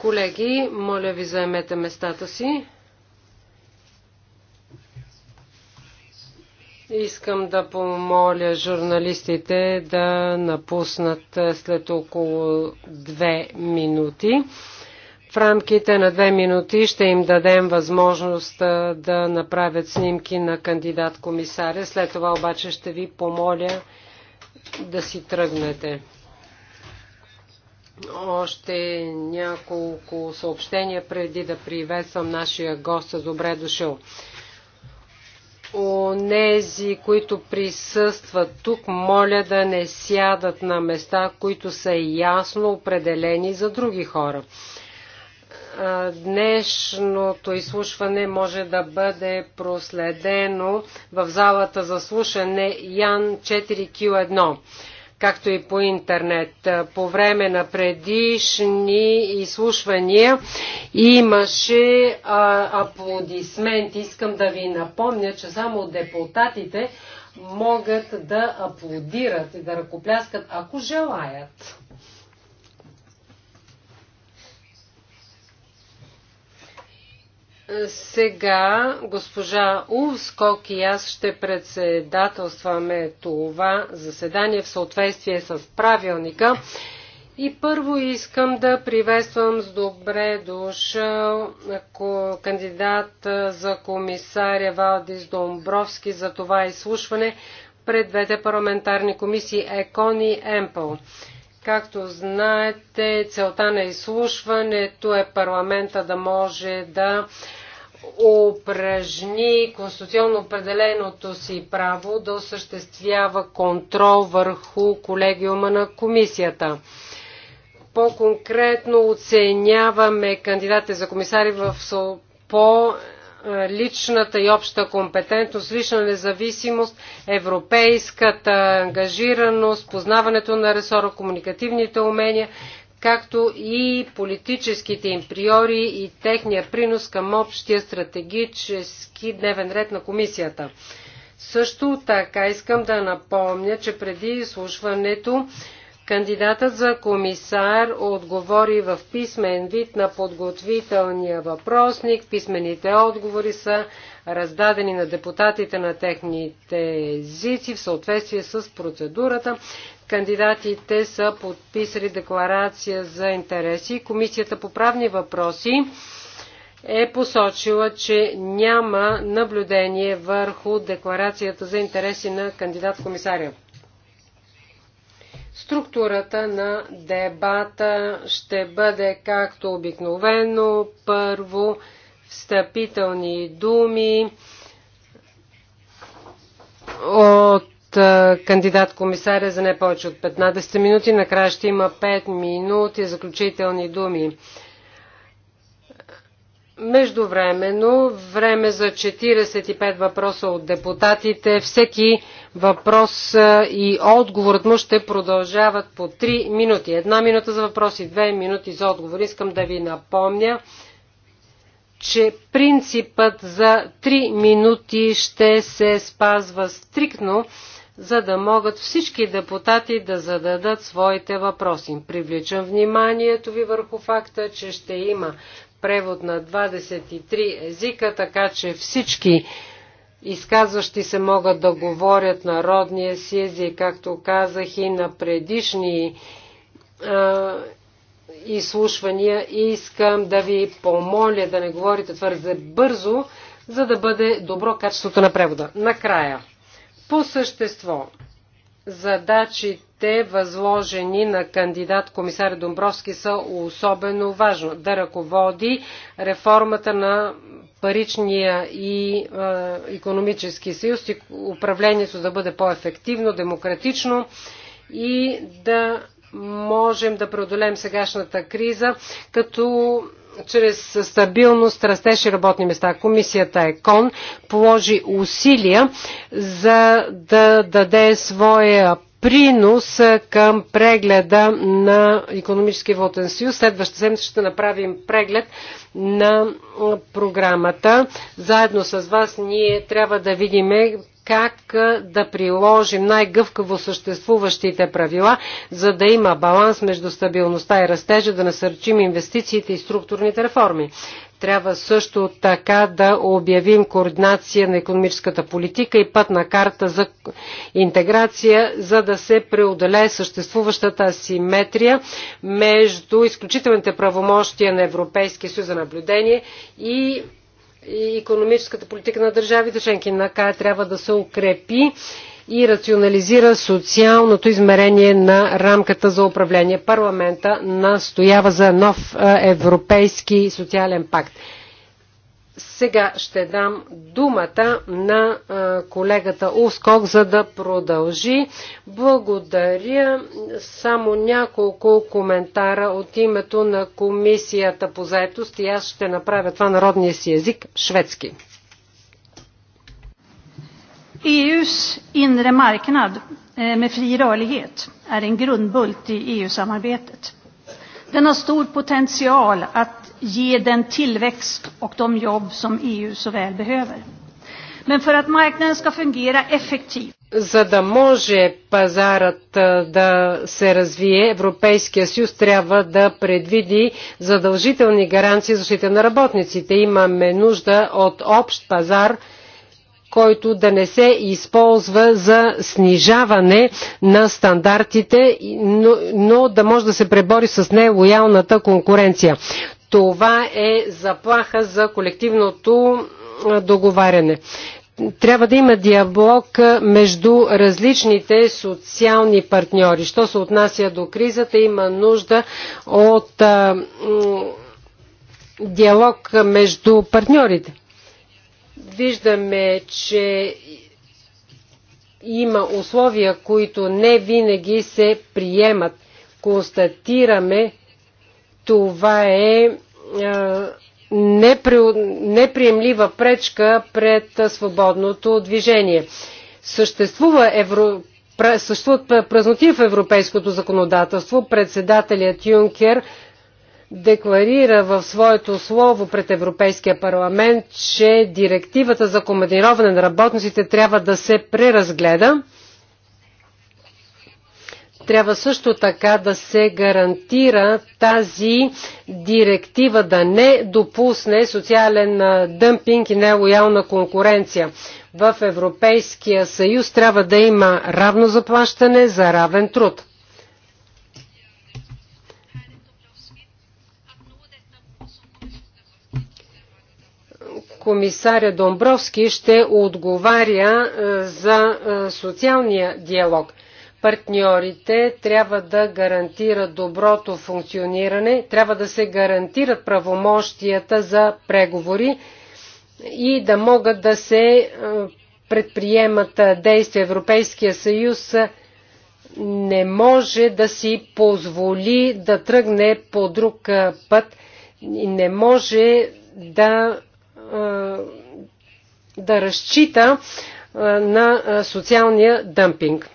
Колеги, моля ви заемете местата си. Искам да помоля журналистите да напуснат след около две минути. В рамките на две минути ще им дадем възможност да направят снимки на кандидат комисаря. След това обаче ще ви помоля да си тръгнете. Още няколко съобщения преди да приветствам нашия гост. Добре дошъл. Онези, които присъстват тук, моля да не сядат на места, които са ясно определени за други хора. Днешното изслушване може да бъде проследено в залата за слушане Ян 4Q1 както и по интернет. По време на предишни изслушвания имаше аплодисменти. Искам да ви напомня, че само депутатите могат да аплодират и да ръкопляскат, ако желаят. Сега госпожа Увскок и аз ще председателстваме това заседание в съответствие с правилника. И първо искам да приветствам с добре дошъл кандидат за комисаря Валдис Домбровски за това изслушване пред двете парламентарни комисии ЕКОН и ЕМПЛ. Както знаете, целта на изслушването е парламента да може да упражни конституционно определеното си право да осъществява контрол върху колегиума на комисията. По-конкретно оценяваме кандидатите за комисари в по е, личната и обща компетентност, лична независимост, европейската ангажираност, познаването на ресора, комуникативните умения, както и политическите им приори и техния принос към общия стратегически дневен ред на комисията. Също така искам да напомня, че преди изслушването Кандидатът за комисар отговори в писмен вид на подготвителния въпросник. Писмените отговори са раздадени на депутатите на техните езици в съответствие с процедурата. Кандидатите са подписали декларация за интереси. Комисията по правни въпроси е посочила, че няма наблюдение върху декларацията за интереси на кандидат-комисаря. Структурата на дебата ще бъде както обикновено. Първо встъпителни думи от кандидат комисаря за не повече от 15 минути. Накрая ще има 5 минути заключителни думи. Междувременно, време за 45 въпроса от депутатите. Всеки въпрос и отговорът му ще продължават по 3 минути. Една минута за въпроси, 2 минути за отговор. Искам да ви напомня, че принципът за 3 минути ще се спазва стриктно, за да могат всички депутати да зададат своите въпроси. Привличам вниманието ви върху факта, че ще има превод на 23 езика, така че всички изказващи се могат да говорят народния си език, както казах и на предишни изслушвания и искам да ви помоля да не говорите твърде бързо, за да бъде добро качеството на превода. Накрая, по същество, Задачите, възложени на кандидат комисар Домбровски, са особено важно да ръководи реформата на паричния и е, економически съюз, управлението да бъде по-ефективно, демократично и да можем да преодолеем сегашната криза, като чрез стабилност, растеж и работни места. Комисията ЕКОН положи усилия за да даде своя принос към прегледа на економически вълтен съюз. Следващата седмица ще направим преглед на програмата. Заедно с вас ние трябва да видим как да приложим най-гъвкаво съществуващите правила, за да има баланс между стабилността и растежа, да насърчим инвестициите и структурните реформи. Трябва също така да обявим координация на економическата политика и пътна карта за интеграция, за да се преодолее съществуващата асиметрия между изключителните правомощия на Европейския съюз за наблюдение и и економическата политика на държавите членки. Накая трябва да се укрепи и рационализира социалното измерение на рамката за управление. Парламента настоява за нов европейски социален пакт. Сега ще дам думата на колегата Ускок, за да продължи. Благодаря. Само няколко коментара от името на Комисията по заетост и аз ще направя това народния си език шведски. EUs inre marknad eh, med fri rörlighet är en grundbult i EU-samarbetet. Den har stor potential att ge den tillväxt och de jobb som EU så väl behöver. Men för att marknaden ska fungera effektivt за да може пазарът да се развие, Европейския съюз трябва да предвиди задължителни гаранции за защита на работниците. Имаме нужда от общ пазар, който да не се използва за снижаване на стандартите, но, но да може да се пребори с нелоялната конкуренция. Това е заплаха за колективното договаряне трябва да има диалог между различните социални партньори. Що се отнася до кризата, има нужда от а, диалог между партньорите виждаме, че има условия, които не винаги се приемат. Констатираме, това е, е неприемлива пречка пред свободното движение. Съществува евро, съществуват празноти в европейското законодателство. Председателят Юнкер декларира в своето слово пред Европейския парламент, че директивата за командироване на работниците трябва да се преразгледа. Трябва също така да се гарантира тази директива да не допусне социален дъмпинг и нелоялна конкуренция. В Европейския съюз трябва да има равно заплащане за равен труд. комисаря Домбровски ще отговаря е, за е, социалния диалог. Партньорите трябва да гарантират доброто функциониране, трябва да се гарантират правомощията за преговори и да могат да се е, предприемат действия. Европейския съюз не може да си позволи да тръгне по друг път, не може да е, да разчита е, на е, социалния дъмпинг.